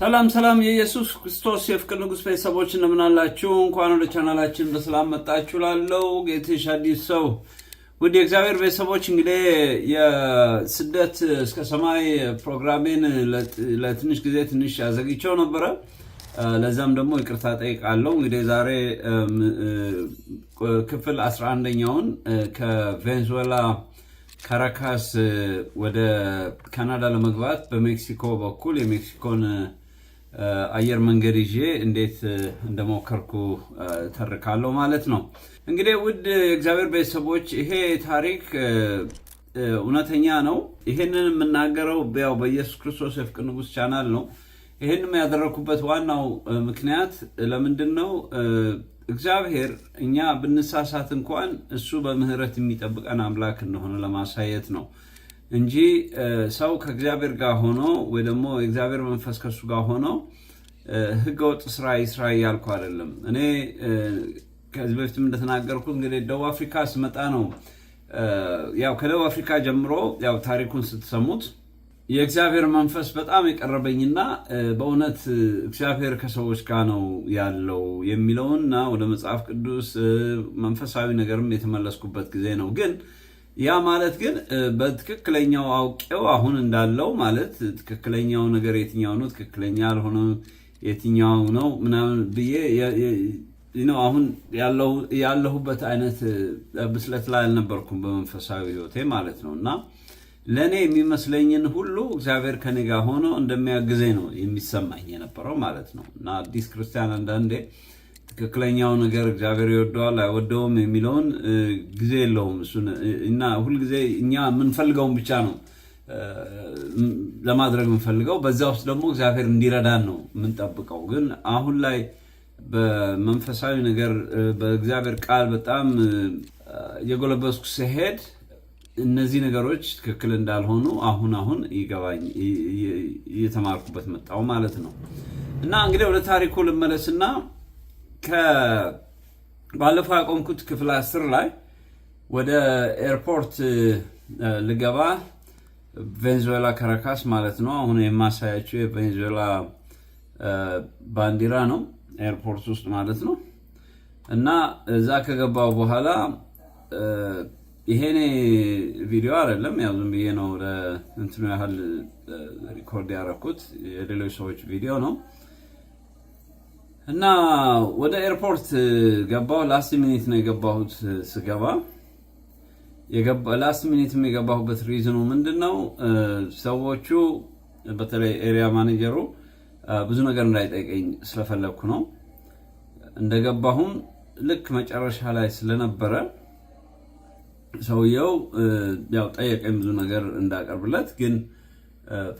ሰላም ሰላም የኢየሱስ ክርስቶስ የፍቅር ንጉሥ ቤተሰቦች እንደምናላችሁ፣ እንኳን ወደ ቻናላችን በሰላም መጣችሁ። ላለው ጌትሽ አዲስ ሰው ውድ የእግዚአብሔር ቤተሰቦች እንግዲህ የስደት እስከ ሰማይ ፕሮግራሜን ለትንሽ ጊዜ ትንሽ ያዘግቸው ነበረ። ለዛም ደግሞ ይቅርታ ጠይቃለሁ። እንግዲህ ዛሬ ክፍል 11ኛውን ከቬንዙዌላ ካራካስ ወደ ካናዳ ለመግባት በሜክሲኮ በኩል የሜክሲኮን አየር መንገድ ይዤ እንዴት እንደሞከርኩ ተርካለሁ ማለት ነው። እንግዲህ ውድ የእግዚአብሔር ቤተሰቦች ይሄ ታሪክ እውነተኛ ነው። ይሄንን የምናገረው ያው በኢየሱስ ክርስቶስ የፍቅ ንጉሥ ቻናል ነው። ይህንም ያደረግኩበት ዋናው ምክንያት ለምንድን ነው? እግዚአብሔር እኛ ብንሳሳት እንኳን እሱ በምህረት የሚጠብቀን አምላክ እንደሆነ ለማሳየት ነው። እንጂ ሰው ከእግዚአብሔር ጋር ሆኖ ወይ ደግሞ የእግዚአብሔር መንፈስ ከሱ ጋር ሆኖ ህገወጥ ስራ ይስራ እያልኩ አይደለም። እኔ ከዚህ በፊትም እንደተናገርኩት እንግዲህ ደቡብ አፍሪካ ስመጣ ነው ያው ከደቡብ አፍሪካ ጀምሮ ያው ታሪኩን ስትሰሙት የእግዚአብሔር መንፈስ በጣም የቀረበኝና በእውነት እግዚአብሔር ከሰዎች ጋር ነው ያለው የሚለውና ወደ መጽሐፍ ቅዱስ መንፈሳዊ ነገርም የተመለስኩበት ጊዜ ነው ግን ያ ማለት ግን በትክክለኛው አውቄው አሁን እንዳለው ማለት ትክክለኛው ነገር የትኛው ነው፣ ትክክለኛ ያልሆነ የትኛው ነው ምናምን ብዬ ነው አሁን ያለሁበት አይነት ብስለት ላይ አልነበርኩም በመንፈሳዊ ህይወቴ ማለት ነው። እና ለእኔ የሚመስለኝን ሁሉ እግዚአብሔር ከኔ ጋር ሆኖ እንደሚያግዘኝ ነው የሚሰማኝ የነበረው ማለት ነው። እና አዲስ ክርስቲያን አንዳንዴ ትክክለኛው ነገር እግዚአብሔር ይወደዋል አይወደውም የሚለውን ጊዜ የለውም እሱን እና ሁልጊዜ እኛ የምንፈልገውን ብቻ ነው ለማድረግ የምንፈልገው። በዛ ውስጥ ደግሞ እግዚአብሔር እንዲረዳን ነው የምንጠብቀው። ግን አሁን ላይ በመንፈሳዊ ነገር በእግዚአብሔር ቃል በጣም የጎለበስኩ ሲሄድ እነዚህ ነገሮች ትክክል እንዳልሆኑ አሁን አሁን ይገባኝ እየተማርኩበት መጣው ማለት ነው። እና እንግዲህ ወደ ታሪኩ ልመለስና ባለፈው ያቆምኩት ክፍል አስር ላይ ወደ ኤርፖርት ልገባ ቬንዙዌላ ካራካስ ማለት ነው። አሁን የማሳያቸው የቬንዙዌላ ባንዲራ ነው፣ ኤርፖርት ውስጥ ማለት ነው። እና እዛ ከገባው በኋላ ይሄኔ ቪዲዮ አይደለም፣ ያው ዝም ብዬ ነው ለእንትኑ ያህል ሪኮርድ ያደረኩት፣ የሌሎች ሰዎች ቪዲዮ ነው። እና ወደ ኤርፖርት ገባሁ። ላስት ሚኒት ነው የገባሁት። ስገባ ላስት ሚኒትም የገባሁበት ሪዝኑ ምንድን ነው? ሰዎቹ በተለይ ኤሪያ ማኔጀሩ ብዙ ነገር እንዳይጠይቀኝ ስለፈለግኩ ነው። እንደገባሁም ልክ መጨረሻ ላይ ስለነበረ ሰውየው ያው ጠየቀኝ ብዙ ነገር እንዳቀርብለት፣ ግን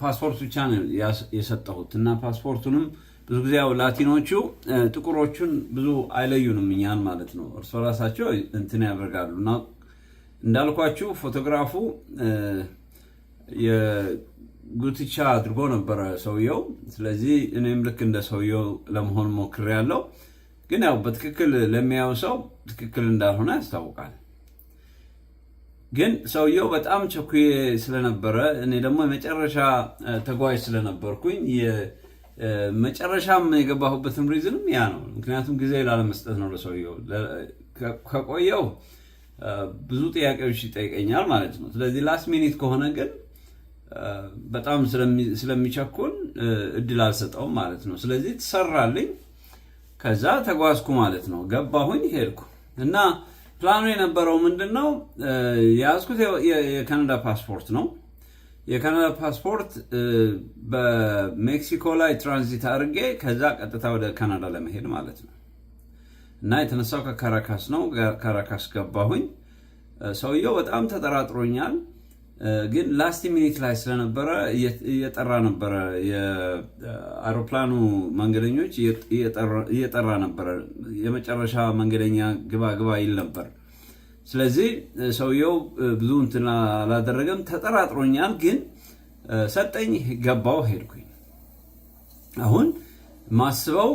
ፓስፖርት ብቻ ነው የሰጠሁት እና ፓስፖርቱንም ብዙ ጊዜ ያው ላቲኖቹ ጥቁሮቹን ብዙ አይለዩንም እኛን ማለት ነው። እርስ ራሳቸው እንትን ያደርጋሉ እና እንዳልኳችሁ ፎቶግራፉ የጉትቻ አድርጎ ነበረ ሰውየው። ስለዚህ እኔም ልክ እንደ ሰውየው ለመሆን ያለው ግን ያው በትክክል ለሚያየው ሰው ትክክል እንዳልሆነ ያስታውቃል። ግን ሰውየው በጣም ቸኩዬ ስለነበረ እኔ ደግሞ የመጨረሻ ተጓዥ ስለነበርኩኝ መጨረሻም የገባሁበትም ሪዝንም ያ ነው። ምክንያቱም ጊዜ ላለመስጠት ነው ለሰውየው። ከቆየው ብዙ ጥያቄዎች ይጠይቀኛል ማለት ነው። ስለዚህ ላስት ሚኒት ከሆነ ግን በጣም ስለሚቸኩን እድል አልሰጠውም ማለት ነው። ስለዚህ ትሰራልኝ፣ ከዛ ተጓዝኩ ማለት ነው። ገባሁኝ፣ ሄድኩ እና ፕላኑ የነበረው ምንድን ነው? የያዝኩት የካናዳ ፓስፖርት ነው የካናዳ ፓስፖርት በሜክሲኮ ላይ ትራንዚት አድርጌ ከዛ ቀጥታ ወደ ካናዳ ለመሄድ ማለት ነው። እና የተነሳው ከካራካስ ነው። ካራካስ ገባሁኝ። ሰውየው በጣም ተጠራጥሮኛል፣ ግን ላስት ሚኒት ላይ ስለነበረ እየጠራ ነበረ። የአውሮፕላኑ መንገደኞች እየጠራ ነበረ። የመጨረሻ መንገደኛ ግባ ግባ ይል ነበር። ስለዚህ ሰውየው ብዙ እንትን አላደረገም፣ ተጠራጥሮኛል። ግን ሰጠኝ፣ ገባው፣ ሄድኩኝ። አሁን ማስበው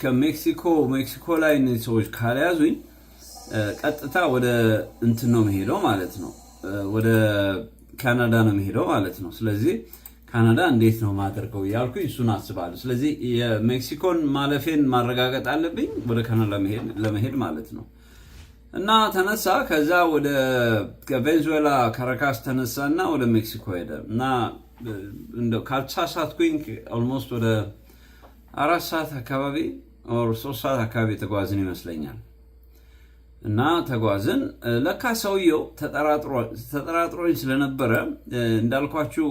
ከሜክሲኮ ሜክሲኮ ላይ እነዚህ ሰዎች ካልያዙኝ ቀጥታ ወደ እንትን ነው መሄደው ማለት ነው፣ ወደ ካናዳ ነው መሄደው ማለት ነው። ስለዚህ ካናዳ እንዴት ነው ማደርገው እያልኩኝ እሱን አስባለሁ። ስለዚህ የሜክሲኮን ማለፌን ማረጋገጥ አለብኝ ወደ ካናዳ ለመሄድ ማለት ነው። እና ተነሳ። ከዛ ወደ ቬንዙዌላ ካራካስ ተነሳ እና ወደ ሜክሲኮ ሄደ እና ካልተሳሳትኩኝ ኦልሞስት ወደ አራት ሰዓት አካባቢ ሶስት ሰዓት አካባቢ ተጓዝን ይመስለኛል። እና ተጓዝን። ለካ ሰውየው ተጠራጥሮኝ ስለነበረ እንዳልኳችሁ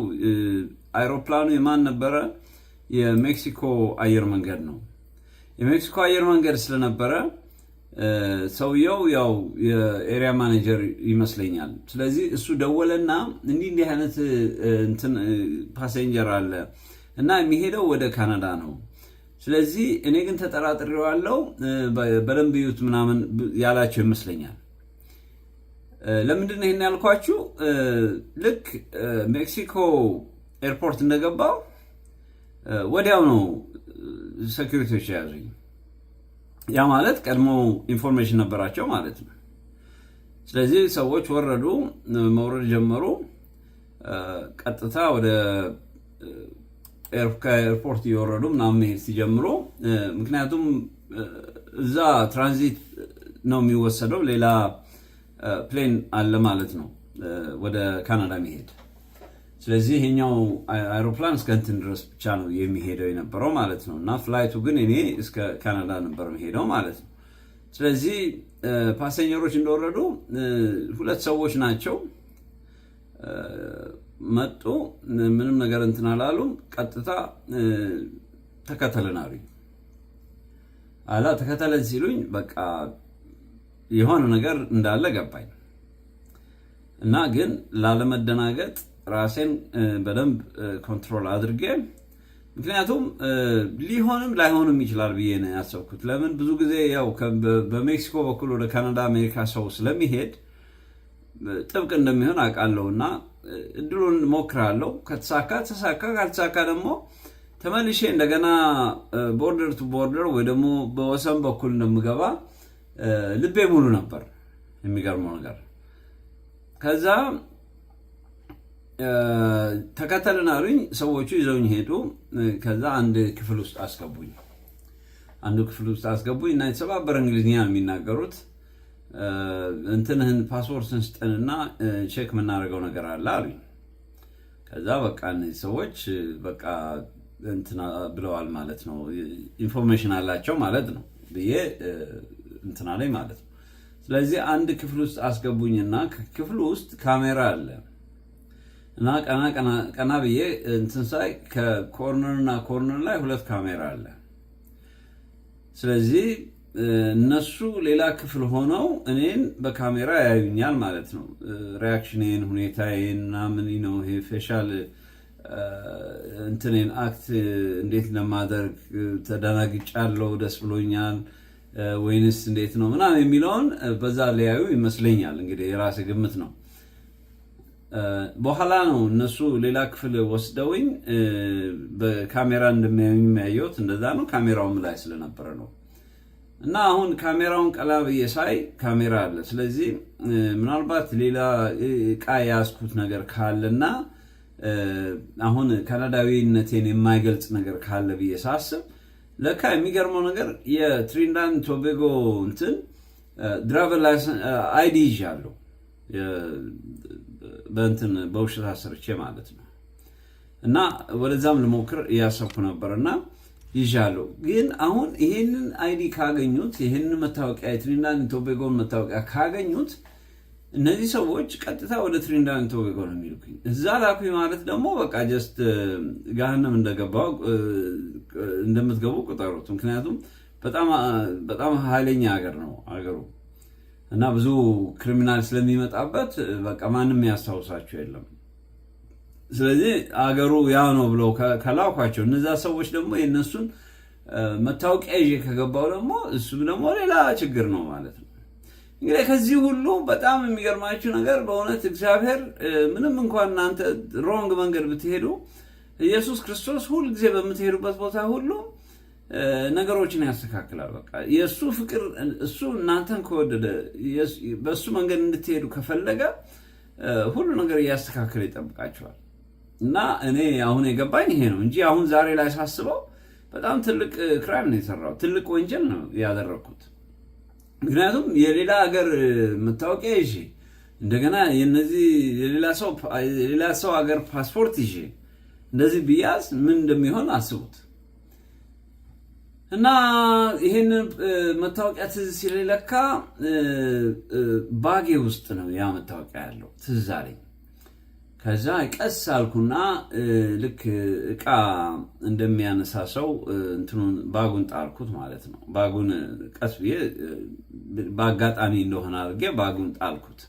አይሮፕላኑ የማን ነበረ? የሜክሲኮ አየር መንገድ ነው። የሜክሲኮ አየር መንገድ ስለነበረ ሰውየው ያው የኤሪያ ማኔጀር ይመስለኛል። ስለዚህ እሱ ደወለና እንዲህ እንዲህ አይነት እንትን ፓሴንጀር አለ እና የሚሄደው ወደ ካናዳ ነው። ስለዚህ እኔ ግን ተጠራጥሬዋለሁ፣ በደንብ እዩት ምናምን ያላቸው ይመስለኛል። ለምንድን ይህን ያልኳችሁ? ልክ ሜክሲኮ ኤርፖርት እንደገባው ወዲያው ነው ሴኩሪቲዎች የያዙኝ። ያ ማለት ቀድሞ ኢንፎርሜሽን ነበራቸው ማለት ነው። ስለዚህ ሰዎች ወረዱ፣ መውረድ ጀመሩ። ቀጥታ ወደ ከኤርፖርት እየወረዱ ምናምን መሄድ ሲጀምሩ፣ ምክንያቱም እዛ ትራንዚት ነው የሚወሰደው፣ ሌላ ፕሌን አለ ማለት ነው ወደ ካናዳ መሄድ ስለዚህ ይሄኛው አይሮፕላን እስከ እንትን ድረስ ብቻ ነው የሚሄደው የነበረው ማለት ነው። እና ፍላይቱ ግን እኔ እስከ ካናዳ ነበር የሚሄደው ማለት ነው። ስለዚህ ፓሰኘሮች እንደወረዱ ሁለት ሰዎች ናቸው መጡ። ምንም ነገር እንትን አላሉም። ቀጥታ ተከተልን አሉኝ። አላ ተከተለን ሲሉኝ በቃ የሆነ ነገር እንዳለ ገባኝ እና ግን ላለመደናገጥ ራሴን በደንብ ኮንትሮል አድርጌ ምክንያቱም ሊሆንም ላይሆንም ይችላል ብዬ ነው ያሰብኩት። ለምን ብዙ ጊዜ ያው በሜክሲኮ በኩል ወደ ካናዳ አሜሪካ ሰው ስለሚሄድ ጥብቅ እንደሚሆን አውቃለሁ እና እድሉን ሞክራለሁ። ከተሳካ ተሳካ፣ ካልተሳካ ደግሞ ተመልሼ እንደገና ቦርደር ቱ ቦርደር ወይ ደግሞ በወሰን በኩል እንደምገባ ልቤ ሙሉ ነበር። የሚገርመው ነገር ከዛ ተከተልን አሉኝ። ሰዎቹ ይዘውኝ ሄዱ። ከዛ አንድ ክፍል ውስጥ አስገቡኝ። አንዱ ክፍል ውስጥ አስገቡኝ እና የተሰባበረ እንግሊዝኛ የሚናገሩት። እንትንህን ፓስፖርትን ስጠንና ቼክ የምናደርገው ነገር አለ አሉኝ። ከዛ በቃ እነዚህ ሰዎች በቃ እንትና ብለዋል ማለት ነው፣ ኢንፎርሜሽን አላቸው ማለት ነው ብዬ እንትና ላይ ማለት ነው። ስለዚህ አንድ ክፍል ውስጥ አስገቡኝና ክፍል ውስጥ ካሜራ አለ እና ቀና ቀና ብዬ እንትን ሳይ ከኮርነር እና ኮርነር ላይ ሁለት ካሜራ አለ። ስለዚህ እነሱ ሌላ ክፍል ሆነው እኔን በካሜራ ያዩኛል ማለት ነው። ሪያክሽንን፣ ሁኔታዬን ምናምን ነው ይሄ ፌሻል እንትኔን አክት እንዴት ለማደርግ ተደናግጫለሁ፣ ደስ ብሎኛል ወይንስ እንዴት ነው ምናምን የሚለውን በዛ ሊያዩ ይመስለኛል። እንግዲህ የራሴ ግምት ነው። በኋላ ነው እነሱ ሌላ ክፍል ወስደውኝ በካሜራ እንደሚያዩት እንደዛ ነው። ካሜራውም ላይ ስለነበረ ነው። እና አሁን ካሜራውን ቀላ ብዬ ሳይ ካሜራ አለ። ስለዚህ ምናልባት ሌላ እቃ የያዝኩት ነገር ካለና አሁን ካናዳዊነቴን የማይገልጽ ነገር ካለ ብዬ ሳስብ ለካ የሚገርመው ነገር የትሪንዳን ቶቤጎ እንትን ድራይቨር አይዲ ይዣለሁ በእንትን በውሸት አሰርቼ ማለት ነው እና ወደዛም ልሞክር እያሰብኩ ነበር እና ይዣለሁ። ግን አሁን ይሄንን አይዲ ካገኙት ይሄንን መታወቂያ የትሪንዳን ቶቤጎን መታወቂያ ካገኙት እነዚህ ሰዎች ቀጥታ ወደ ትሪንዳን ቶቤጎ ነው የሚልኩኝ። እዛ ላኩኝ ማለት ደግሞ በቃ ጀስት ገሃነም እንደገባው እንደምትገቡ ቁጠሩት። ምክንያቱም በጣም ኃይለኛ ሀገር ነው አገሩ እና ብዙ ክሪሚናል ስለሚመጣበት በቃ ማንም ያስታውሳቸው የለም። ስለዚህ አገሩ ያ ነው ብለው ከላኳቸው እነዛ ሰዎች ደግሞ የእነሱን መታወቂያ ይዤ ከገባው ደግሞ እሱም ደግሞ ሌላ ችግር ነው ማለት ነው። እንግዲህ ከዚህ ሁሉ በጣም የሚገርማችሁ ነገር በእውነት እግዚአብሔር ምንም እንኳን እናንተ ሮንግ መንገድ ብትሄዱ ኢየሱስ ክርስቶስ ሁልጊዜ በምትሄዱበት ቦታ ሁሉ ነገሮችን ያስተካክላል። በቃ የእሱ ፍቅር እሱ እናንተን ከወደደ በእሱ መንገድ እንድትሄዱ ከፈለገ ሁሉ ነገር እያስተካከለ ይጠብቃቸዋል። እና እኔ አሁን የገባኝ ይሄ ነው እንጂ አሁን ዛሬ ላይ ሳስበው በጣም ትልቅ ክራይም ነው የሰራው፣ ትልቅ ወንጀል ነው ያደረግኩት። ምክንያቱም የሌላ ሀገር መታወቂያ ይዤ እንደገና የነዚህ የሌላ ሰው ሀገር ፓስፖርት ይዤ እንደዚህ ብያዝ ምን እንደሚሆን አስቡት። እና ይህን መታወቂያ ትዝ ሲለኝ ለካ ባጌ ውስጥ ነው ያ መታወቂያ ያለው። ትዝ አለኝ። ከዛ ቀስ አልኩና ልክ እቃ እንደሚያነሳ ሰው እንትኑን ባጉን ጣልኩት ማለት ነው። ባጉን ቀስ ብዬ በአጋጣሚ እንደሆነ አድርጌ ባጉን ጣልኩት።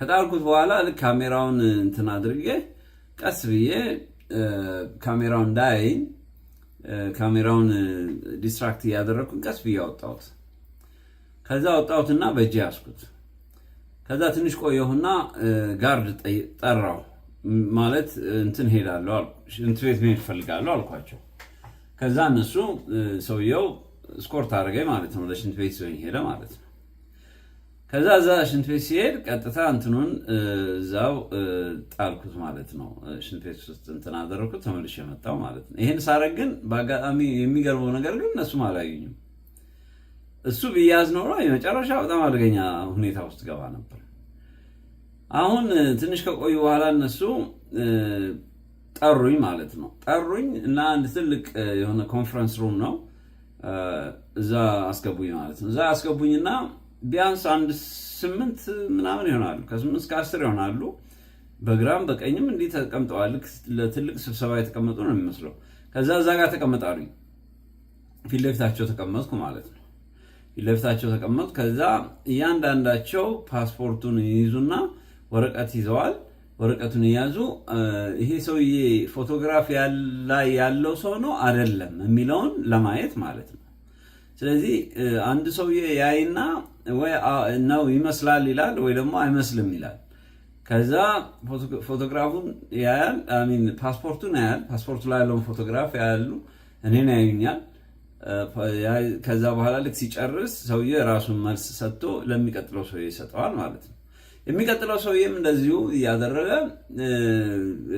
ከጣልኩት በኋላ ልክ ካሜራውን እንትን አድርጌ ቀስ ብዬ ካሜራውን እንዳያይኝ ካሜራውን ዲስትራክት እያደረግኩኝ ቀስ ብዬ አወጣሁት። ከዛ አወጣሁትና በእጅ ያዝኩት። ከዛ ትንሽ ቆየሁና ጋርድ ጠራው። ማለት እንትን ሄዳለሁ እንትን ቤት መሄድ እፈልጋለሁ አልኳቸው። ከዛ እነሱ ሰውየው ስኮርት አድርገኝ ማለት ነው ለሽንት ቤት ሄደ ማለት ነው። ከዛ እዛ ሽንት ቤት ሲሄድ ቀጥታ እንትኑን እዛው ጣልኩት ማለት ነው። ሽንት ቤት ውስጥ እንትን አደረኩት ተመልሼ የመጣው ማለት ነው። ይሄን ሳረግ ግን በአጋጣሚ የሚገርመው ነገር ግን እነሱም አላገኙም። እሱ ብያዝ ኖሮ የመጨረሻ በጣም አደገኛ ሁኔታ ውስጥ ገባ ነበር። አሁን ትንሽ ከቆዩ በኋላ እነሱ ጠሩኝ ማለት ነው። ጠሩኝ እና አንድ ትልቅ የሆነ ኮንፈረንስ ሩም ነው እዛ አስገቡኝ ማለት ነው። እዛ አስገቡኝና ቢያንስ አንድ ስምንት ምናምን ይሆናሉ፣ ከስምንት እስከ አስር ይሆናሉ። በግራም በቀኝም እንዲህ ተቀምጠዋል። ለትልቅ ስብሰባ የተቀመጡ ነው የሚመስለው። ከዛ እዛ ጋር ተቀመጣሉ። ፊት ለፊታቸው ተቀመጥኩ ማለት ነው። ፊት ለፊታቸው ተቀመጥኩ። ከዛ እያንዳንዳቸው ፓስፖርቱን ይይዙና ወረቀት ይዘዋል። ወረቀቱን እያዙ ይሄ ሰውዬ ፎቶግራፍ ላይ ያለው ሰው ነው አይደለም የሚለውን ለማየት ማለት ነው። ስለዚህ አንድ ሰውዬ ያይና ወይ ነው ይመስላል ይላል፣ ወይ ደግሞ አይመስልም ይላል። ከዛ ፎቶግራፉን ያያል፣ ሚን ፓስፖርቱን ያያል። ፓስፖርቱ ላይ ያለውን ፎቶግራፍ ያያሉ፣ እኔን ያዩኛል። ከዛ በኋላ ልክ ሲጨርስ ሰውዬ ራሱን መልስ ሰጥቶ ለሚቀጥለው ሰውዬ ይሰጠዋል ማለት ነው። የሚቀጥለው ሰውዬም እንደዚሁ እያደረገ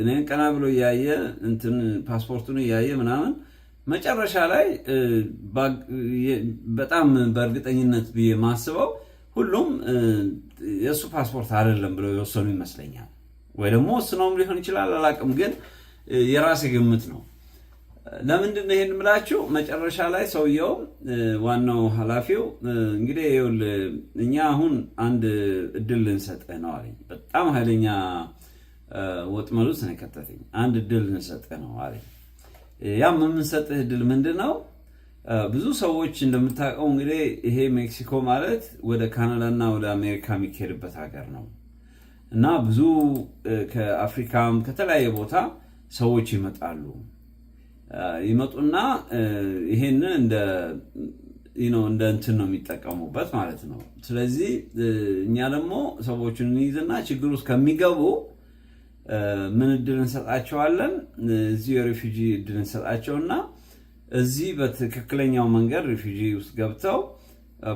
እኔን ቀና ብሎ እያየ እንትን ፓስፖርቱን እያየ ምናምን መጨረሻ ላይ በጣም በእርግጠኝነት ብዬ ማስበው ሁሉም የእሱ ፓስፖርት አይደለም ብለው የወሰኑ ይመስለኛል። ወይ ደግሞ ወስነውም ሊሆን ይችላል አላቅም፣ ግን የራሴ ግምት ነው። ለምንድን ነው ይሄን ምላችሁ? መጨረሻ ላይ ሰውየው ዋናው ኃላፊው እንግዲህ ይኸውልህ እኛ አሁን አንድ እድል ልንሰጥህ ነው አለኝ። በጣም ኃይለኛ ወጥመዱ ነው የከተተኝ። አንድ እድል ልንሰጥህ ነው አለኝ። ያም የምንሰጥህ እድል ምንድን ነው? ብዙ ሰዎች እንደምታውቀው እንግዲህ ይሄ ሜክሲኮ ማለት ወደ ካናዳ እና ወደ አሜሪካ የሚካሄድበት ሀገር ነው እና ብዙ ከአፍሪካም ከተለያየ ቦታ ሰዎች ይመጣሉ። ይመጡና ይሄንን እንደ እንትን ነው የሚጠቀሙበት ማለት ነው። ስለዚህ እኛ ደግሞ ሰዎቹን እንይዝና ችግር ውስጥ ከሚገቡ ምን እድል እንሰጣቸዋለን? እዚህ የሪፊጂ እድል እንሰጣቸው እና እዚህ በትክክለኛው መንገድ ሪፊጂ ውስጥ ገብተው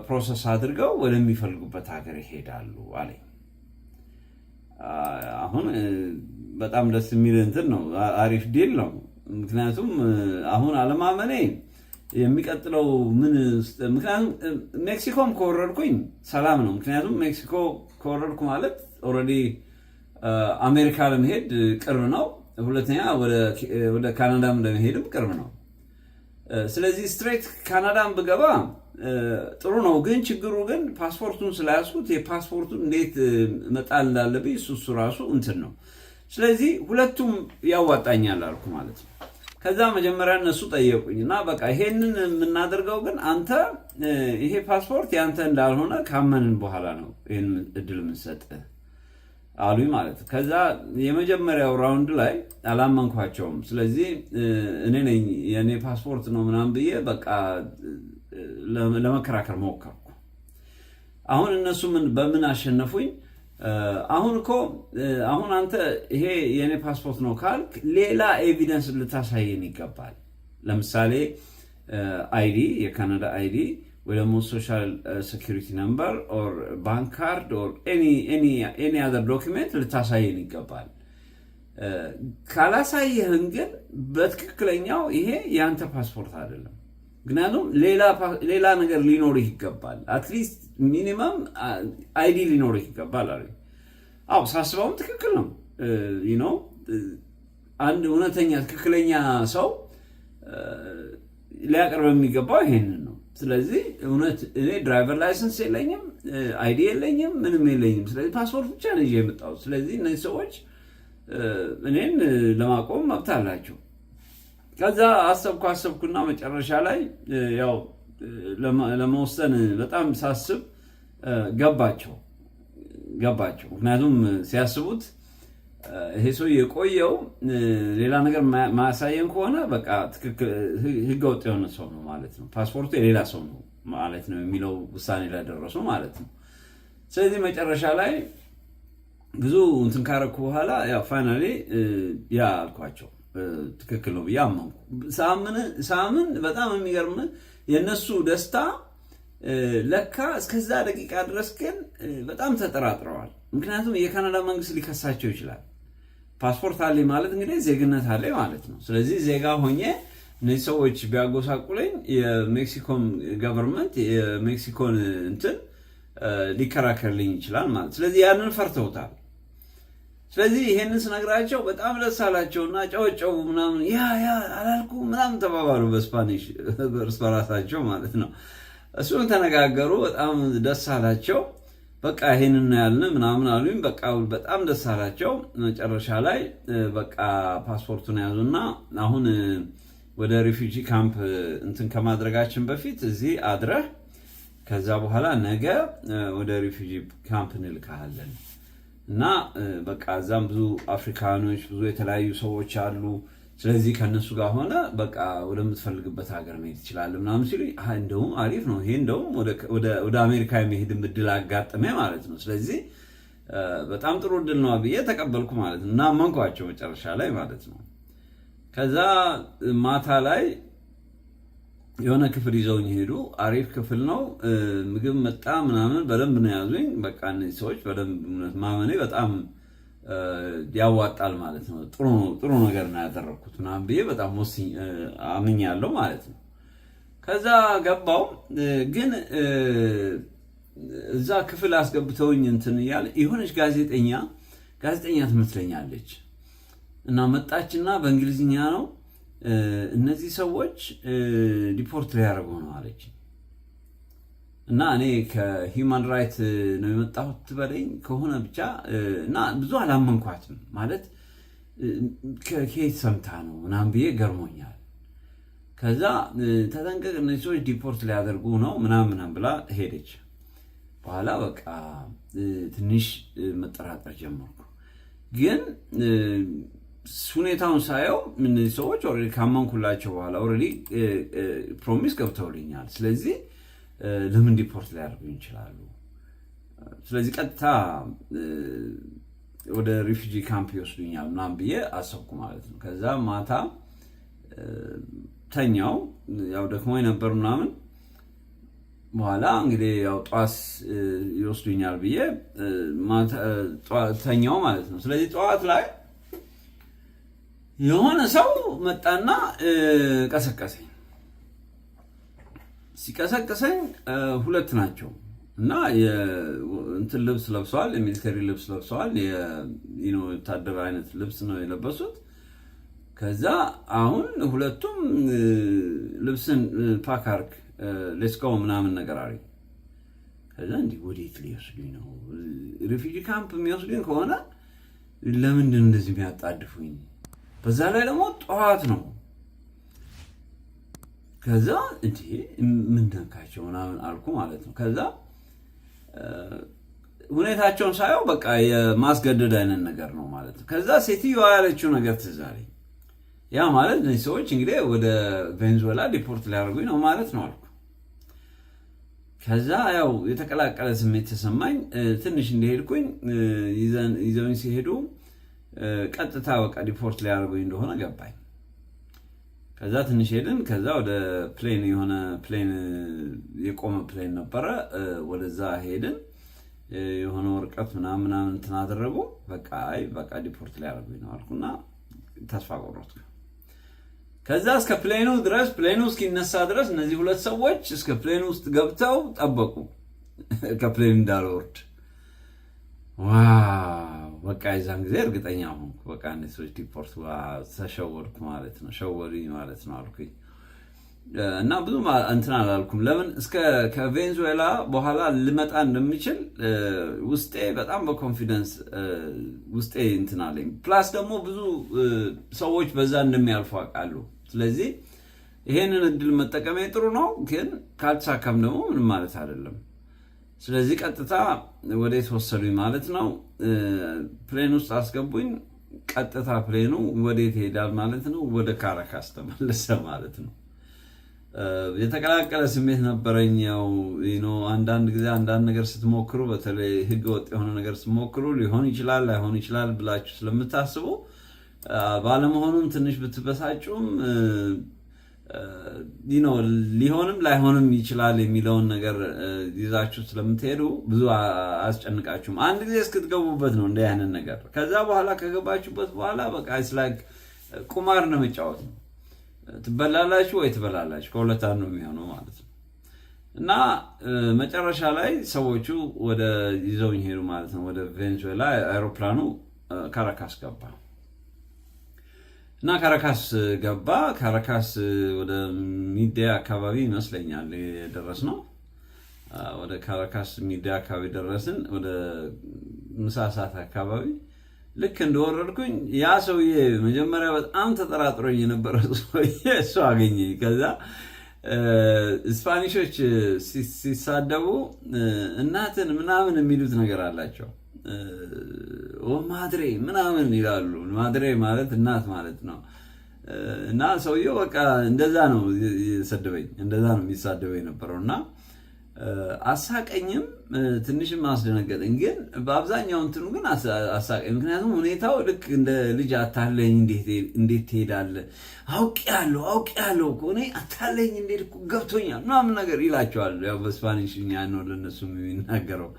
ፕሮሰስ አድርገው ወደሚፈልጉበት ሀገር ይሄዳሉ አለኝ። አሁን በጣም ደስ የሚል እንትን ነው፣ አሪፍ ዲል ነው። ምክንያቱም አሁን አለማመኔ የሚቀጥለው ምን ምክንያቱም ሜክሲኮም ከወረድኩኝ ሰላም ነው። ምክንያቱም ሜክሲኮ ከወረድኩ ማለት ኦልሬዲ አሜሪካ ለመሄድ ቅርብ ነው። ሁለተኛ ወደ ካናዳም ለመሄድም ቅርብ ነው። ስለዚህ ስትሬት ካናዳም ብገባ ጥሩ ነው። ግን ችግሩ ግን ፓስፖርቱን ስላያስኩት የፓስፖርቱን እንዴት መጣል እንዳለብኝ እሱ እሱ ራሱ እንትን ነው። ስለዚህ ሁለቱም ያዋጣኛል አልኩ ማለት ነው። ከዛ መጀመሪያ እነሱ ጠየቁኝ እና በቃ ይሄንን የምናደርገው ግን አንተ ይሄ ፓስፖርት ያንተ እንዳልሆነ ካመንን በኋላ ነው ይህን እድል የምንሰጥህ አሉኝ ማለት ነው። ከዛ የመጀመሪያው ራውንድ ላይ አላመንኳቸውም። ስለዚህ እኔ ነኝ የእኔ ፓስፖርት ነው ምናምን ብዬ በቃ ለመከራከር ሞከርኩ። አሁን እነሱ በምን አሸነፉኝ? አሁን እኮ አሁን አንተ ይሄ የእኔ ፓስፖርት ነው ካልክ ሌላ ኤቪደንስ ልታሳየን ይገባል። ለምሳሌ አይዲ፣ የካናዳ አይዲ ወይ ደግሞ ሶሻል ሴኪሪቲ ነምበር ኦር ባንክ ካርድ ኦር ኤኒ አዘር ዶኪመንት ልታሳየን ይገባል። uh, ካላሳየህን ግን በትክክለኛው ይሄ የአንተ ፓስፖርት አይደለም። ምክንያቱም ሌላ ነገር ሊኖርህ ይገባል። አትሊስት ሚኒመም አይዲ ሊኖርህ ይገባል አ አው ሳስበውም ትክክል ነው። ነው uh, uh, አንድ እውነተኛ ትክክለኛ ሰው ሊያቀርብ የሚገባው ይሄንን ነው። ስለዚህ እውነት እኔ ድራይቨር ላይሰንስ የለኝም፣ አይዲ የለኝም፣ ምንም የለኝም። ስለዚህ ፓስፖርት ብቻ ነው ይዤ ስለዚህ እነዚህ ሰዎች እኔን ለማቆም መብት አላቸው። ከዛ አሰብኩ አሰብኩና መጨረሻ ላይ ያው ለመወሰን በጣም ሳስብ ገባቸው ገባቸው ምክንያቱም ሲያስቡት ይሄ ሰው የቆየው ሌላ ነገር ማያሳየን ከሆነ በቃ ትክክል ህገ ወጥ የሆነ ሰው ነው ማለት ነው። ፓስፖርቱ የሌላ ሰው ነው ማለት ነው የሚለው ውሳኔ ላይ ደረሱ ማለት ነው። ስለዚህ መጨረሻ ላይ ብዙ እንትን ካረኩ በኋላ ፋይናሌ ያ አልኳቸው ትክክል ነው ብዬ አመንኩ። ሳምን በጣም የሚገርም የእነሱ ደስታ ለካ እስከዛ ደቂቃ ድረስ ግን በጣም ተጠራጥረዋል። ምክንያቱም የካናዳ መንግስት ሊከሳቸው ይችላል። ፓስፖርት አለኝ ማለት እንግዲህ ዜግነት አለኝ ማለት ነው። ስለዚህ ዜጋ ሆኜ እነዚህ ሰዎች ቢያጎሳቁለኝ የሜክሲኮን ገቨርንመንት የሜክሲኮን እንትን ሊከራከርልኝ ይችላል ማለት ስለዚህ ያንን ፈርተውታል። ስለዚህ ይሄንን ስነግራቸው በጣም ደስ አላቸው እና ጨወጨው ምናምን ያ ያ አላልኩ ምናምን ተባባሉ በስፓኒሽ እርስ በራሳቸው ማለት ነው። እሱን ተነጋገሩ። በጣም ደስ አላቸው። በቃ ይሄንን ያልን ምናምን አሉኝ። በቃ በጣም ደስ አላቸው። መጨረሻ ላይ በቃ ፓስፖርቱን ያዙና አሁን ወደ ሪፊጂ ካምፕ እንትን ከማድረጋችን በፊት እዚህ አድረህ ከዛ በኋላ ነገ ወደ ሪፊጂ ካምፕ እንልካሃለን እና በቃ እዛም ብዙ አፍሪካኖች ብዙ የተለያዩ ሰዎች አሉ ስለዚህ ከእነሱ ጋር ሆነ በቃ ወደምትፈልግበት ሀገር መሄድ ትችላለ ምናምን ሲሉ እንደውም አሪፍ ነው፣ ይሄ እንደውም ወደ አሜሪካ የመሄድም እድል አጋጥሜ ማለት ነው። ስለዚህ በጣም ጥሩ እድል ነው ብዬ ተቀበልኩ ማለት ነው እና መንኳቸው መጨረሻ ላይ ማለት ነው። ከዛ ማታ ላይ የሆነ ክፍል ይዘውኝ ሄዱ። አሪፍ ክፍል ነው። ምግብ መጣ ምናምን በደንብ ነው ያዙኝ። በቃ እነዚህ ሰዎች በደንብ ማመኔ በጣም ያዋጣል ማለት ነው። ጥሩ ጥሩ ነገር ነው ያደረኩት ምናምን ብዬ በጣም ወስኝ አምኛለሁ ማለት ነው። ከዛ ገባው ግን እዛ ክፍል አስገብተውኝ እንትን እያለ የሆነች ጋዜጠኛ ጋዜጠኛ ትመስለኛለች እና መጣችና በእንግሊዝኛ ነው እነዚህ ሰዎች ዲፖርት ሊያደርጉ ነው አለችኝ። እና እኔ ከሂውማን ራይት ነው የመጣሁት በለኝ ከሆነ ብቻ እና ብዙ አላመንኳትም። ማለት ከየት ሰምታ ነው ምናምን ብዬ ገርሞኛል። ከዛ ተጠንቀቅ፣ እነዚህ ሰዎች ዲፖርት ሊያደርጉ ነው ምናምን ምናምን ብላ ሄደች። በኋላ በቃ ትንሽ መጠራጠር ጀመርኩ። ግን ሁኔታውን ሳየው እነዚህ ሰዎች ካመንኩላቸው በኋላ ኦልሬዲ ፕሮሚስ ገብተውልኛል። ስለዚህ ለምን ዲፖርት ሊያደርጉ ይችላሉ? ስለዚህ ቀጥታ ወደ ሪፊጂ ካምፕ ይወስዱኛል ምናምን ብዬ አሰብኩ ማለት ነው። ከዛ ማታ ተኛው ያው ደክሞ የነበር ምናምን በኋላ እንግዲህ ያው ጠዋት ይወስዱኛል ብዬ ተኛው ማለት ነው። ስለዚህ ጠዋት ላይ የሆነ ሰው መጣና ቀሰቀሰኝ። ሲቀሰቅሰኝ ሁለት ናቸው እና እንትን ልብስ ለብሰዋል፣ የሚሊተሪ ልብስ ለብሰዋል። የወታደር አይነት ልብስ ነው የለበሱት። ከዛ አሁን ሁለቱም ልብስን ፓካርክ ሌስቀው ምናምን ነገር አሪ ከዛ እንዲህ ወዴት ሊወስዱኝ ነው? ሪፊጂ ካምፕ የሚወስዱኝ ከሆነ ለምንድን እንደዚህ የሚያጣድፉኝ? በዛ ላይ ደግሞ ጠዋት ነው ከዛ እንዴ ምን ምናምን አልኩ ማለት ነው። ከዛ ሁኔታቸውን ሳየው በቃ የማስገደድ አይነት ነገር ነው ማለት ነው። ከዛ ሴትዮዋ ያለችው ነገር ትዝ አለኝ። ያ ማለት እነዚህ ሰዎች እንግዲህ ወደ ቬንዙዌላ ዲፖርት ሊያደርጉኝ ነው ማለት ነው አልኩ። ከዛ ያው የተቀላቀለ ስሜት ተሰማኝ። ትንሽ እንደሄድኩኝ ይዘውኝ ሲሄዱ ቀጥታ በቃ ዲፖርት ሊያደርጉኝ እንደሆነ ገባኝ። ከዛ ትንሽ ሄድን። ከዛ ወደ ፕሌን የሆነ ፕሌን የቆመ ፕሌን ነበረ፣ ወደዛ ሄድን። የሆነ ወረቀት ምናምን ምናምን እንትን አደረጉ። በቃ አይ በቃ ዲፖርት ላይ አደረጉኝ ነው አልኩና ተስፋ ቆረጥኩ። ከዛ እስከ ፕሌኑ ድረስ ፕሌኑ እስኪነሳ ድረስ እነዚህ ሁለት ሰዎች እስከ ፕሌኑ ውስጥ ገብተው ጠበቁ ከፕሌን እንዳልወርድ በቃ የዛን ጊዜ እርግጠኛ ሆንኩ። በቃ እነዚህ ሰዎች ዲፖርት ተሸወርኩ ማለት ነው፣ ሸወሩኝ ማለት ነው አልኩኝ። እና ብዙም እንትን አላልኩም። ለምን እስከ ከቬንዙዌላ በኋላ ልመጣ እንደሚችል ውስጤ በጣም በኮንፊደንስ ውስጤ እንትን አለኝ። ፕላስ ደግሞ ብዙ ሰዎች በዛ እንደሚያልፉ አውቃሉ። ስለዚህ ይሄንን እድል መጠቀሜ ጥሩ ነው፣ ግን ካልተሳካም ደግሞ ምንም ማለት አይደለም። ስለዚህ ቀጥታ ወዴት ወሰዱኝ ማለት ነው። ፕሌን ውስጥ አስገቡኝ። ቀጥታ ፕሌኑ ወዴት ይሄዳል ማለት ነው? ወደ ካራካስ ተመለሰ ማለት ነው። የተቀላቀለ ስሜት ነበረኝ። ያው አንዳንድ ጊዜ አንዳንድ ነገር ስትሞክሩ፣ በተለይ ህገ ወጥ የሆነ ነገር ስትሞክሩ ሊሆን ይችላል ላይሆን ይችላል ብላችሁ ስለምታስቡ ባለመሆኑም ትንሽ ብትበሳጩም ነው ሊሆንም ላይሆንም ይችላል የሚለውን ነገር ይዛችሁ ስለምትሄዱ ብዙ አያስጨንቃችሁም። አንድ ጊዜ እስክትገቡበት ነው እንደ ያንን ነገር። ከዛ በኋላ ከገባችሁበት በኋላ በቃ ላይክ ቁማር ነው መጫወት ነው። ትበላላችሁ ወይ ትበላላችሁ፣ ከሁለት አንዱ የሚሆነው ማለት ነው። እና መጨረሻ ላይ ሰዎቹ ወደ ይዘውኝ ሄዱ ማለት ነው ወደ ቬኔዙዌላ። አውሮፕላኑ ካራካስ ገባ። እና ካራካስ ገባ። ካራካስ ወደ ሚዲያ አካባቢ ይመስለኛል የደረስ ነው። ወደ ካራካስ ሚዲያ አካባቢ ደረስን። ወደ ምሳ ሰዓት አካባቢ ልክ እንደወረድኩኝ ያ ሰውዬ መጀመሪያ በጣም ተጠራጥሮኝ የነበረ ሰውዬ እሱ አገኘ። ከዛ ስፓኒሾች ሲሳደቡ እናትን ምናምን የሚሉት ነገር አላቸው ኦ ማድሬ ምናምን ይላሉ። ማድሬ ማለት እናት ማለት ነው። እና ሰውየው በቃ እንደዛ ነው የሰደበኝ፣ እንደዛ ነው የሚሳደበው ነበረው። እና አሳቀኝም ትንሽም አስደነገጠኝ። ግን በአብዛኛው እንትኑ ግን አሳቀኝ። ምክንያቱም ሁኔታው ልክ እንደ ልጅ አታለኝ እንዴት ትሄዳለህ? ያለው አውቅ ያለው ከሆነ አታለኝ እንዴት ገብቶኛል ምናምን ነገር ይላቸዋል። ያው በስፓኒሽ ነው ለእነሱ የሚናገረው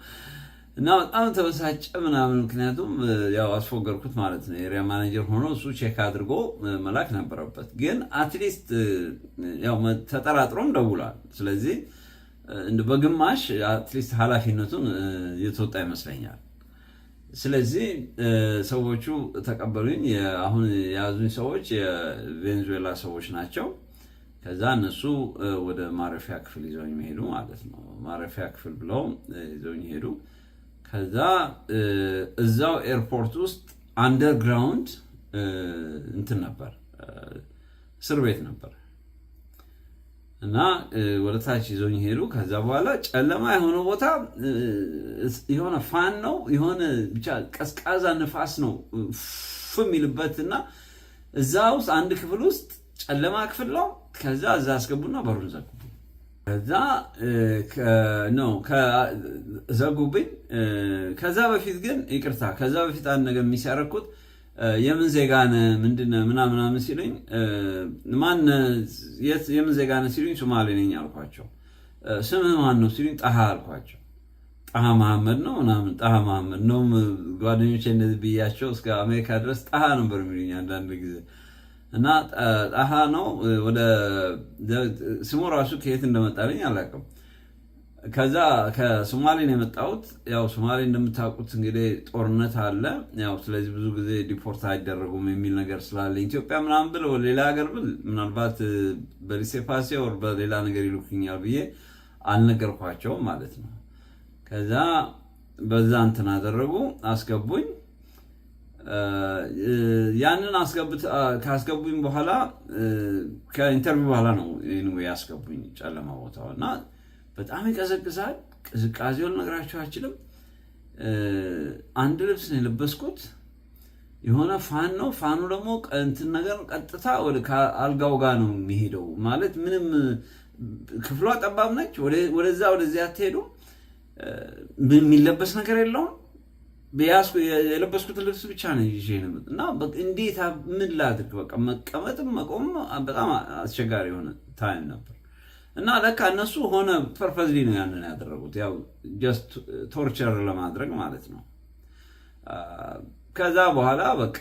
እና በጣም ተበሳጨ ምናምን። ምክንያቱም ያው አስፎገርኩት ማለት ነው። ኤሪያ ማኔጀር ሆኖ እሱ ቼክ አድርጎ መላክ ነበረበት፣ ግን አትሊስት ያው ተጠራጥሮም ደውሏል። ስለዚህ በግማሽ አትሊስት ኃላፊነቱን የተወጣ ይመስለኛል። ስለዚህ ሰዎቹ ተቀበሉኝ። አሁን የያዙኝ ሰዎች የቬንዙዌላ ሰዎች ናቸው። ከዛ እነሱ ወደ ማረፊያ ክፍል ይዘውኝ መሄዱ ማለት ነው። ማረፊያ ክፍል ብለው ይዘውኝ ሄዱ። ከዛ እዛው ኤርፖርት ውስጥ አንደርግራውንድ እንትን ነበር እስር ቤት ነበር እና ወደ ታች ይዞኝ ሄዱ። ከዛ በኋላ ጨለማ የሆነ ቦታ የሆነ ፋን ነው የሆነ ብቻ ቀዝቃዛ ንፋስ ነው ፍ የሚልበት እና እዛ ውስጥ አንድ ክፍል ውስጥ ጨለማ ክፍል ነው። ከዛ እዛ አስገቡና በሩን ዘጉ። ከዛ ነው ዘጉብኝ። ከዛ በፊት ግን ይቅርታ፣ ከዛ በፊት አንድ ነገር የሚሰረኩት የምን ዜጋ ነህ ምንድን ምናምናምን ሲሉኝ ማን የምን ዜጋ ሲሉኝ ሱማሌ ነኝ አልኳቸው። ስም ማን ነው ሲሉኝ ጣሃ አልኳቸው። ጣሃ መሐመድ ነው ምናምን ጣሃ መሐመድ ነው ጓደኞቼ እንደዚህ ብያቸው እስከ አሜሪካ ድረስ ጣሃ ነበር የሚሉኝ አንዳንድ ጊዜ እና ጣሃ ነው ወደ ስሙ ራሱ ከየት እንደመጣልኝ አላውቅም። ከዛ ከሶማሌ ነው የመጣሁት። ያው ሶማሌ እንደምታውቁት እንግዲህ ጦርነት አለ። ያው ስለዚህ ብዙ ጊዜ ዲፖርት አይደረጉም የሚል ነገር ስላለ ኢትዮጵያ ምናምን ብል ሌላ ሀገር ብል ምናልባት በሪሴፋሴ ወር በሌላ ነገር ይሉክኛል ብዬ አልነገርኳቸውም ማለት ነው። ከዛ በዛ እንትን አደረጉ አስገቡኝ። ያንን ካስገቡኝ በኋላ ከኢንተርቪው በኋላ ነው ያስገቡኝ ጨለማ ቦታው እና በጣም ይቀዘቅዛል። ቅዝቃዜውን ነግራችሁ አችልም። አንድ ልብስ ነው የለበስኩት። የሆነ ፋን ነው። ፋኑ ደግሞ እንትን ነገር ቀጥታ ወደ አልጋው ጋር ነው የሚሄደው። ማለት ምንም ክፍሏ ጠባብ ነች። ወደዛ ወደዚያ አትሄዱም። የሚለበስ ነገር የለውም። የለበስኩት ልብስ ብቻ ነው ይዤ እና እንዴት ምን ላድርግ፣ በቃ መቀመጥም መቆም በጣም አስቸጋሪ የሆነ ታይም ነበር እና ለካ እነሱ ሆነ ፐርፐዝሊ ነው ያንን ያደረጉት፣ ያው ጀስት ቶርቸር ለማድረግ ማለት ነው። ከዛ በኋላ በቃ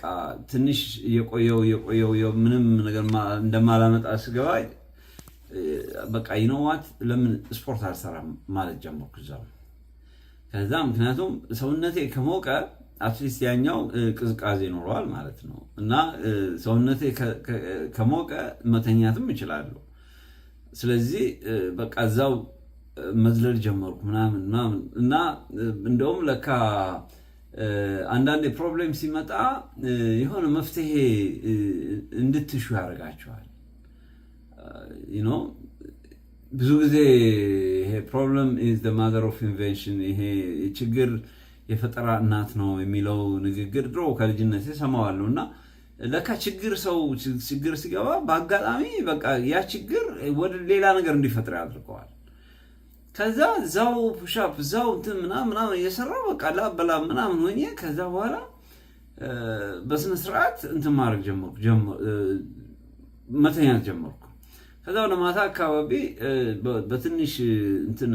ትንሽ የቆየው የቆየው ምንም ነገር እንደማላመጣ ስገባ በቃ ይነዋት ለምን ስፖርት አልሰራም ማለት ጀመርኩ እዛው ከዛ ምክንያቱም ሰውነቴ ከሞቀ አትሊስት ያኛው ቅዝቃዜ ይኖረዋል ማለት ነው እና ሰውነቴ ከሞቀ መተኛትም እችላለሁ። ስለዚህ በቃ እዛው መዝለል ጀመርኩ ምናምን ምናምን እና እንደውም ለካ አንዳንድ ፕሮብሌም ሲመጣ የሆነ መፍትሄ እንድትሹ ያደርጋቸዋል። ብዙ ጊዜ ይሄ ፕሮብለም ኢዝ ማዘር ኦፍ ኢንቨንሽን፣ ይሄ ችግር የፈጠራ እናት ነው የሚለው ንግግር ድሮ ከልጅነት ሰማዋለሁ እና ለካ ችግር ሰው ችግር ሲገባ በአጋጣሚ በቃ ያ ችግር ወደ ሌላ ነገር እንዲፈጥር ያድርገዋል። ከዛ ዛው ፑሻፕ እዛው እንትን ምናምን ምናምን እየሰራ በቃ ላበላ ምናምን ሆኜ ከዛ በኋላ በስነስርዓት እንትን ማድረግ መተኛት ጀመሩ። ከዛ ወደ ማታ አካባቢ በትንሽ እንትን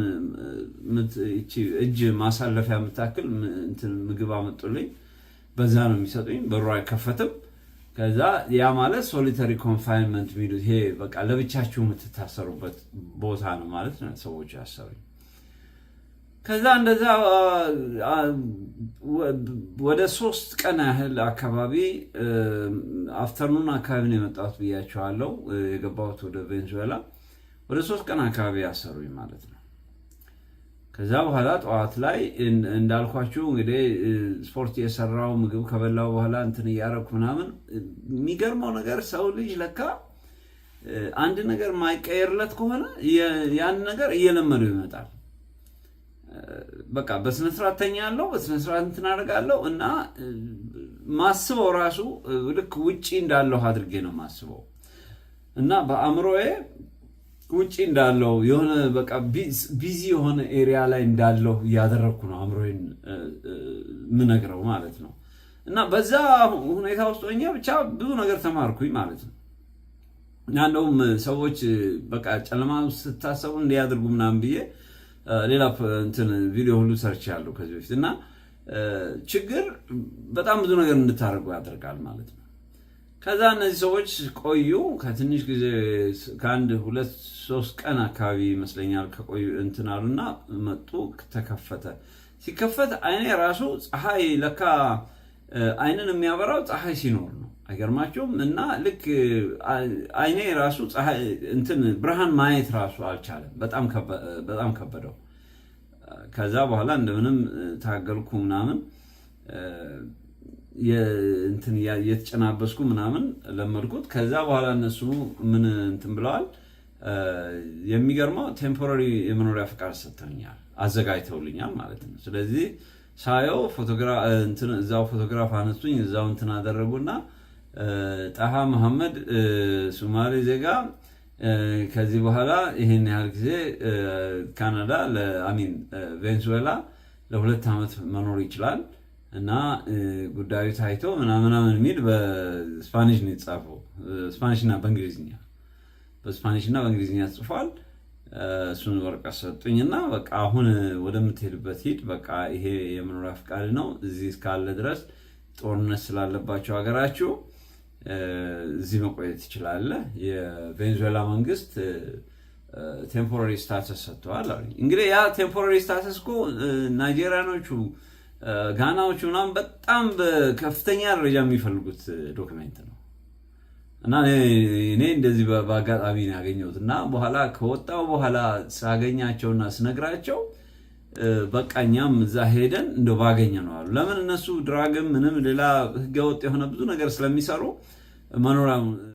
እጅ ማሳለፊያ የምታክል ምግብ አመጡልኝ። በዛ ነው የሚሰጡኝ። በሩ አይከፈትም። ከዛ ያ ማለት ሶሊተሪ ኮንፋይንመንት የሚሉት ይሄ በቃ ለብቻችሁ የምትታሰሩበት ቦታ ነው ማለት ነው። ሰዎች ያሰሩኝ ከዛ እንደዛ ወደ ሶስት ቀን ያህል አካባቢ አፍተርኑን አካባቢ ነው የመጣሁት ብያቸዋለሁ። የገባሁት ወደ ቬንዙዌላ ወደ ሶስት ቀን አካባቢ ያሰሩኝ ማለት ነው። ከዛ በኋላ ጠዋት ላይ እንዳልኳችሁ እንግዲህ ስፖርት የሰራው ምግብ ከበላው በኋላ እንትን እያረኩ ምናምን። የሚገርመው ነገር ሰው ልጅ ለካ አንድ ነገር ማይቀየርለት ከሆነ ያን ነገር እየለመደው ይመጣል። በቃ በስነ ስርዓት ተኛለሁ፣ በስነ ስርዓት እንትን አደርጋለሁ እና ማስበው ራሱ ልክ ውጪ እንዳለሁ አድርጌ ነው ማስበው እና በአእምሮዬ ውጪ እንዳለው የሆነ በቃ ቢዚ የሆነ ኤሪያ ላይ እንዳለው እያደረግኩ ነው አእምሮዬን ምነግረው ማለት ነው። እና በዛ ሁኔታ ውስጥ ሆኜ ብቻ ብዙ ነገር ተማርኩኝ ማለት ነው። እና እንደውም ሰዎች በቃ ጨለማ ስታሰቡ እንዲያደርጉ ምናምን ብዬ ሌላ እንትን ቪዲዮ ሁሉ ሰርች ያለው ከዚህ በፊት እና ችግር በጣም ብዙ ነገር እንድታደርጉ ያደርጋል ማለት ነው። ከዛ እነዚህ ሰዎች ቆዩ። ከትንሽ ጊዜ ከአንድ ሁለት ሶስት ቀን አካባቢ ይመስለኛል ከቆዩ እንትን አሉና መጡ። ተከፈተ። ሲከፈት አይኔ ራሱ ፀሐይ ለካ አይንን የሚያበራው ፀሐይ ሲኖር ነው አይገርማችሁም? እና ልክ አይኔ ራሱ እንትን ብርሃን ማየት ራሱ አልቻለም። በጣም ከበደው። ከዛ በኋላ እንደምንም ታገልኩ ምናምን እንትን የተጨናበስኩ ምናምን ለመድኩት። ከዛ በኋላ እነሱ ምን እንትን ብለዋል። የሚገርመው ቴምፖራሪ የመኖሪያ ፍቃድ ሰጥተውኛል፣ አዘጋጅተውልኛል ማለት ነው። ስለዚህ ሳየው እዛው ፎቶግራፍ አነሱኝ፣ እዛው እንትን አደረጉና ጣሃ መሐመድ ሱማሌ ዜጋ ከዚህ በኋላ ይህን ያህል ጊዜ ካናዳ ለአሚን ቬንዙዌላ ለሁለት ዓመት መኖር ይችላል እና ጉዳዩ ታይቶ ምናምናምን የሚል በስፓኒሽ ነው የተጻፈው። ስፓኒሽና በእንግሊዝኛ በስፓኒሽና በእንግሊዝኛ ጽፏል። እሱን ወረቀት እና በቃ አሁን ወደምትሄድበት ሂድ፣ በቃ ይሄ የመኖሪያ ፍቃድ ነው። እዚህ እስካለ ድረስ ጦርነት ስላለባቸው ሀገራችሁ እዚህ መቆየት ትችላለህ። የቬኔዙዌላ መንግስት ቴምፖራሪ ስታተስ ሰጥተዋል። እንግዲህ ያ ቴምፖራሪ ስታተስ እኮ ናይጄሪያኖቹ፣ ጋናዎቹ ምናምን በጣም በከፍተኛ ደረጃ የሚፈልጉት ዶክመንት ነው እና እኔ እንደዚህ በአጋጣሚ ነው ያገኘሁት እና በኋላ ከወጣው በኋላ ሳገኛቸውና ስነግራቸው በቃ እኛም እዛ ሄደን እንደ ባገኘ ነው አሉ። ለምን እነሱ ድራግም ምንም ሌላ ህገወጥ የሆነ ብዙ ነገር ስለሚሰሩ man around